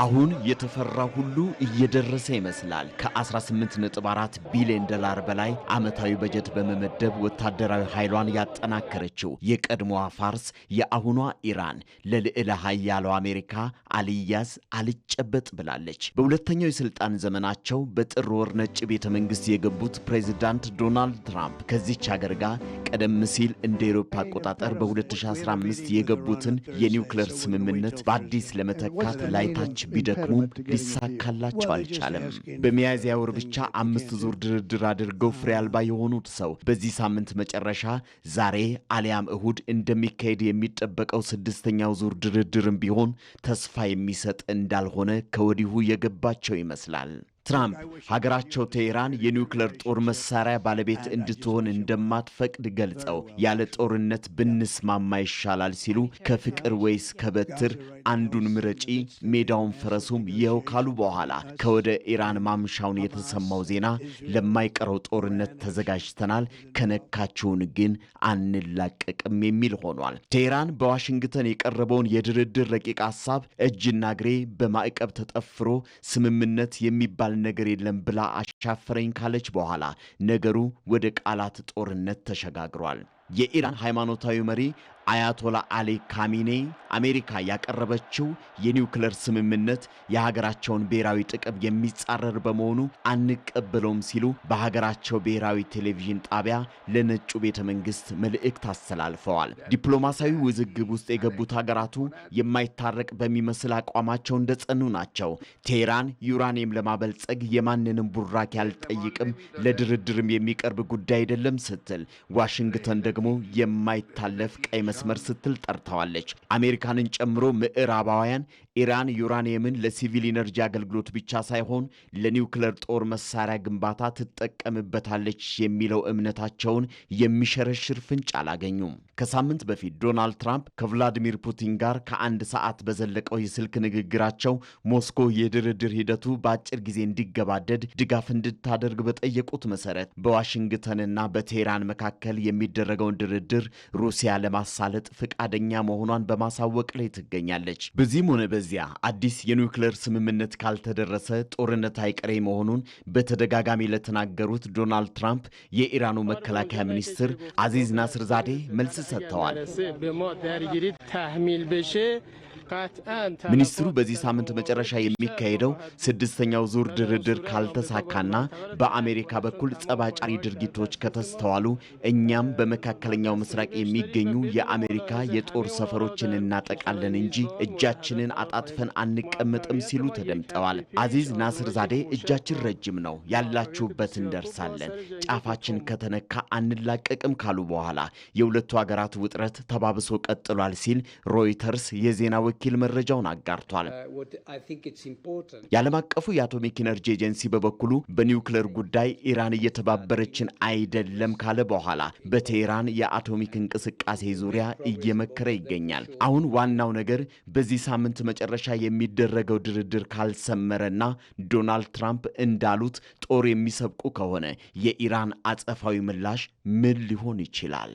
አሁን የተፈራ ሁሉ እየደረሰ ይመስላል። ከ18.4 ቢሊዮን ዶላር በላይ ዓመታዊ በጀት በመመደብ ወታደራዊ ኃይሏን ያጠናከረችው የቀድሞዋ ፋርስ የአሁኗ ኢራን ለልዕለ ኃያሏ አሜሪካ አልያዝ አልጨበጥ ብላለች። በሁለተኛው የሥልጣን ዘመናቸው በጥር ወር ነጭ ቤተ መንግሥት የገቡት ፕሬዚዳንት ዶናልድ ትራምፕ ከዚች አገር ጋር ቀደም ሲል እንደ ኤሮፓ አቆጣጠር በ2015 የገቡትን የኒውክሌር ስምምነት በአዲስ ለመተካት ላይታች ቢደክሙም ሊሳካላቸው አልቻለም። በሚያዝያ ወር ብቻ አምስት ዙር ድርድር አድርገው ፍሬ አልባ የሆኑት ሰው በዚህ ሳምንት መጨረሻ ዛሬ አሊያም እሁድ እንደሚካሄድ የሚጠበቀው ስድስተኛው ዙር ድርድርም ቢሆን ተስፋ የሚሰጥ እንዳልሆነ ከወዲሁ የገባቸው ይመስላል። ትራምፕ ሀገራቸው ቴህራን የኒውክለር ጦር መሳሪያ ባለቤት እንድትሆን እንደማትፈቅድ ገልጸው ያለ ጦርነት ብንስማማ ይሻላል ሲሉ ከፍቅር ወይስ ከበትር አንዱን ምረጪ ሜዳውን ፈረሱም ይኸው ካሉ በኋላ ከወደ ኢራን ማምሻውን የተሰማው ዜና ለማይቀረው ጦርነት ተዘጋጅተናል፣ ከነካችሁን ግን አንላቀቅም የሚል ሆኗል። ቴህራን በዋሽንግተን የቀረበውን የድርድር ረቂቅ ሀሳብ እጅና እግሬ በማዕቀብ ተጠፍሮ ስምምነት የሚባል ነገር የለም ብላ አሻፈረኝ ካለች በኋላ ነገሩ ወደ ቃላት ጦርነት ተሸጋግሯል። የኢራን ሃይማኖታዊ መሪ አያቶላ አሊ ካሚኔ አሜሪካ ያቀረበችው የኒውክለር ስምምነት የሀገራቸውን ብሔራዊ ጥቅም የሚጻረር በመሆኑ አንቀበለውም ሲሉ በሀገራቸው ብሔራዊ ቴሌቪዥን ጣቢያ ለነጩ ቤተ መንግስት መልእክት አስተላልፈዋል። ዲፕሎማሲያዊ ውዝግብ ውስጥ የገቡት ሀገራቱ የማይታረቅ በሚመስል አቋማቸው እንደጸኑ ናቸው። ቴህራን ዩራኒየም ለማበልጸግ የማንንም ቡራኪ አልጠይቅም፣ ለድርድርም የሚቀርብ ጉዳይ አይደለም ስትል ዋሽንግተን ደግሞ የማይታለፍ ቀይ መስመር ስትል ጠርተዋለች። አሜሪካንን ጨምሮ ምዕራባውያን ኢራን ዩራኒየምን ለሲቪል ኢነርጂ አገልግሎት ብቻ ሳይሆን ለኒውክለር ጦር መሳሪያ ግንባታ ትጠቀምበታለች የሚለው እምነታቸውን የሚሸረሽር ፍንጭ አላገኙም። ከሳምንት በፊት ዶናልድ ትራምፕ ከቭላዲሚር ፑቲን ጋር ከአንድ ሰዓት በዘለቀው የስልክ ንግግራቸው ሞስኮ የድርድር ሂደቱ በአጭር ጊዜ እንዲገባደድ ድጋፍ እንድታደርግ በጠየቁት መሰረት በዋሽንግተንና በቴህራን መካከል የሚደረገውን ድርድር ሩሲያ ለማሳ ለማሳለጥ ፈቃደኛ መሆኗን በማሳወቅ ላይ ትገኛለች። በዚህም ሆነ በዚያ አዲስ የኒውክሌር ስምምነት ካልተደረሰ ጦርነት አይቀሬ መሆኑን በተደጋጋሚ ለተናገሩት ዶናልድ ትራምፕ የኢራኑ መከላከያ ሚኒስትር አዚዝ ናስር ዛዴ መልስ ሰጥተዋል። ሚኒስትሩ በዚህ ሳምንት መጨረሻ የሚካሄደው ስድስተኛው ዙር ድርድር ካልተሳካና በአሜሪካ በኩል ጸባጫሪ ድርጊቶች ከተስተዋሉ እኛም በመካከለኛው ምስራቅ የሚገኙ የአሜሪካ የጦር ሰፈሮችን እናጠቃለን እንጂ እጃችንን አጣጥፈን አንቀመጥም ሲሉ ተደምጠዋል። አዚዝ ናስር ዛዴ እጃችን ረጅም ነው፣ ያላችሁበት እንደርሳለን፣ ጫፋችን ከተነካ አንላቀቅም ካሉ በኋላ የሁለቱ ሀገራት ውጥረት ተባብሶ ቀጥሏል ሲል ሮይተርስ የዜና ወኪል መረጃውን አጋርቷል። uh, የዓለም አቀፉ የአቶሚክ ኤነርጂ ኤጀንሲ በበኩሉ በኒውክለር ጉዳይ ኢራን እየተባበረችን አይደለም ካለ በኋላ በቴህራን የአቶሚክ እንቅስቃሴ ዙሪያ እየመከረ ይገኛል። አሁን ዋናው ነገር በዚህ ሳምንት መጨረሻ የሚደረገው ድርድር ካልሰመረና ዶናልድ ትራምፕ እንዳሉት ጦር የሚሰብቁ ከሆነ የኢራን አጸፋዊ ምላሽ ምን ሊሆን ይችላል?